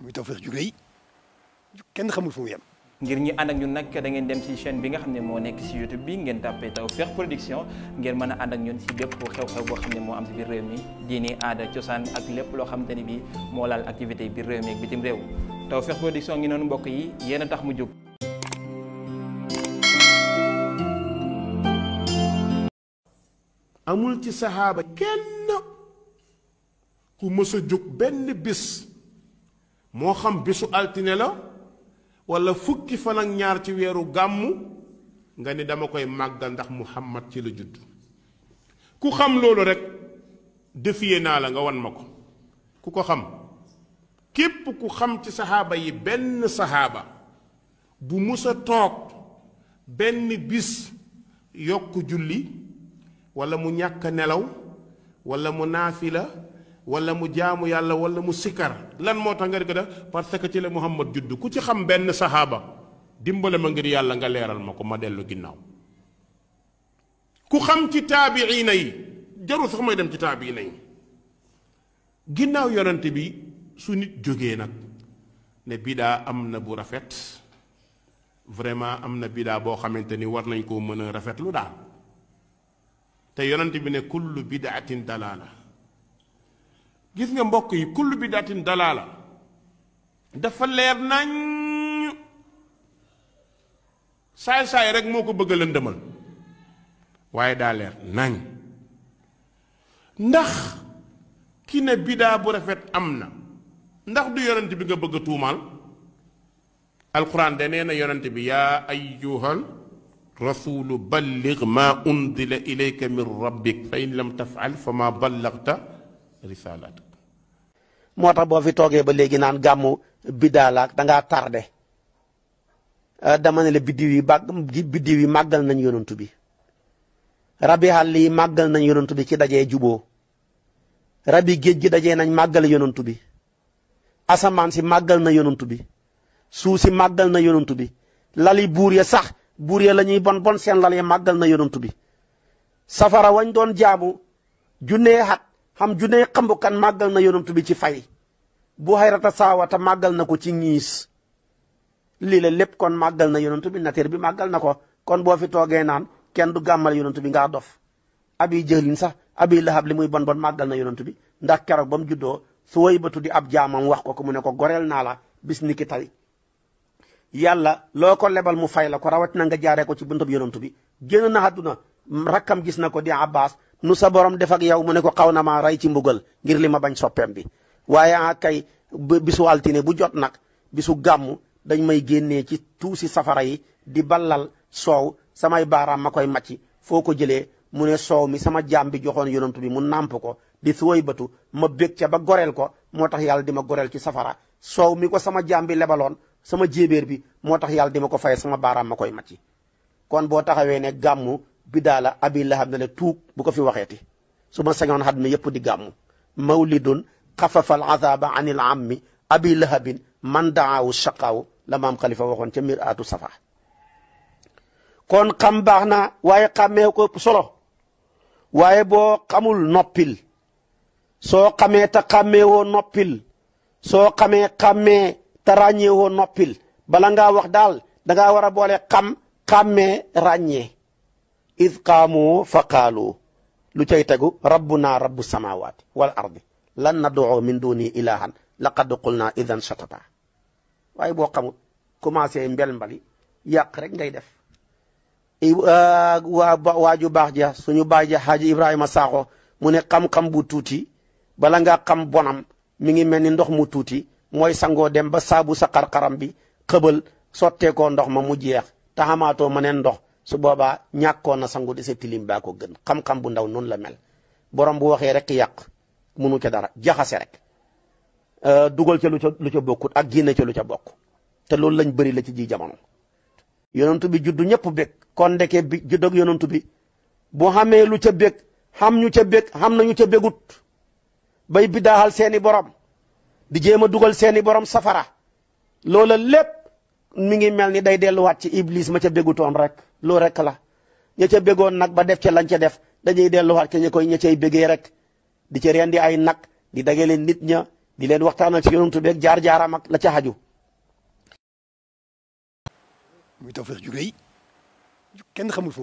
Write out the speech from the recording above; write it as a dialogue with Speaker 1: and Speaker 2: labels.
Speaker 1: muy Tawfekh ju rëy kenn xamul foofu mu ngir ñi ànd ak ñun nag da ngeen dem ci chaîne bi nga xam ne moo nekk ci YouTube bi ngeen tàppee Tawfekh Production ngeen mën a ànd ak ñun ci bépp xew-xew boo xam ne moo am ci biir réew mi dini aada cosaan ak lépp loo xamante ni bi moo laal activité biir réew mi ak bitim réew Tawfekh Production ngi noonu mbokk yi yéen a tax mu jóg.
Speaker 2: amul ci saxaaba kenn ku mës a moo xam bésu altine la wala fukki fan ñaar ci weeru gàmmu nga ni dama koy màggal ndax muhammad ci la judd ku xam loolu rek defiyee naa la nga wan ma ko ku ko xam képp ku xam ci saxaaba yi benn saxaaba bu musa toog benn bis yokk julli wala mu ñàkk nelaw wala mu naafila wala mu jaamu yàlla wala mu sikar lan moo tax nga di ko def parce que ci la Muhammad juddu ku ci xam benn saxaaba dimbale ma ngir yàlla nga leeral ma ko ma dellu ginnaaw ku xam ci taabiina yi jarul sax may dem ci taabiina yi ginnaaw yonent bi su nit jógee nag ne bidaa am na bu rafet vraiment am na bidaa boo xamante ni war nañ koo mën a rafetlu daal te yonent bi ne kullu bidaatin dalaala gis nga mbokk yi kullu bidaatin dalaala dafa leer nañ saay-saay rek moo ko bëgg a lëndëmal waaye daa leer nañ ndax ki ne bidaa bu rafet am na ndax du yonent bi nga bëgg a tuumaal alquran de nee na yonent bi yaa ayyuhal rasulu ballig ma unzila ilayka min rabbik fa lam tafal fa ma ballagta risaalaat
Speaker 3: moo tax boo fi toogee ba léegi naan gàmmu bidaalaak dangaa tardé ah, dama ne la biddiw yi bàgg biddiw yi màggal nañ yonantu bi rabi xàll yi màggal nañ yonantu bi ci dajee juboo rabi géej gi dajee nañ màggal yonantu bi asamaan si màggal na yonantu bi suuf si màggal na yonantu bi lali buur ya sax buur ya la ñuy bon bon seen lal ya na yonantu bi safara wañ doon jaamu junnee xat xam junne kan màggal na yonent bi ci fay bu xayrata saawata màggal na ko ci ñiis lii la lépp kon màggal na yonent bi natir bi màggal na ko kon boo fi toogee naan kenn du gàmmal yonent bi ngaa dof abi jëlin sax abi lahab li muy bon bon màggal na yonent bi nda keroog ba mu juddoo su way ba tuddi ab jaamam wax ko ko mu ne ko goreel naala la bis ni yàlla loo ko lebal mu fay la ko rawat na nga jaaree ko ci buntub yonent bi génn na àdduna gis na ko di abbas nu sa borom def ak yow mu ne ko xaw na maa rey ci mbugal ngir li ma bañ soppeem bi waaye ah kay bisu altine bu jot nag bisu gàmm dañ may génnee ci tuusi safara yi di ballal soow samay baaraam ma koy macc foo ko jëlee mu ne soow mi sama jaam bi joxoon yonantu bi mu nàmp ko di suway batu ma bég ca ba goreel ko moo tax yàlla di ma goreel ci safara soow mi ko sama jaam bi lebaloon sama jéebéer bi moo tax yàlla di ma ko fay sama baaraam ma koy macc kon boo taxawee bidaa la abi lahab ne tuug bu ko fi waxeeti su ma sañoon xat mi yëpp di gàmm mawlidun xafafa al azaba an il abi lahabin man daawu shaqaawu la maam xalifa waxoon ca mir aatu safa xam baax na waaye xàmmee ko solo waaye boo xamul noppil soo xamee te xàmmee woo noppil soo xamee xàmmee te ràññee woo noppil bala ngaa wax daal da ngaa war a boole xam xàmmee ràññee id qaamu fa qaalu lu cay tegu rabbuna rabbu samaawaati wal ardi lan nad'u min duni ilahan laqad qulna idan shatata waaye boo xamul commencé mbel mbali yàq rek ngay def waa waaju baax ja suñu baay ja xaaji Ibrahima mu ne xam-xam bu tuuti bala nga xam bonam mi ngi mel ni ndox mu tuuti mooy sangoo dem ba saabu sa xarxaram bi xëbal sotteekoo ndox ma mu jeex taxamaatoo ma neen ndox su boobaa ñàkkoon na sangu di sa tilim baa ko gën xam-xam bu ndaw noonu la mel borom bu waxee rek yàq munu ca dara jaxase rek euh, dugal ca lu ca lu ca bokkut ak génne ca lu ca bokk te loolu lañ bëri la ci ji jamono. yonent bi juddu ñëpp bég kon ndeke bi juddoog yonent bi bu xamee lu ca bég xam ñu ca bég xam nañu ca bégut bay bidaaxal seeni borom di jéem a dugal seeni borom safara loola lépp. mi ngi mel ni day delluwaat ci iblis ma ca bégutoon rek loo rek la ña ca bégoon nag ba def ca lañ ca def dañuy delluwaat ca ña koy ña cay bégee rek di ca rendi ay nag di leen nit ña di leen waxtaanal ci tu bi jaar jaara ak la ca xaju. muy Tawfekh
Speaker 1: kenn xamul fu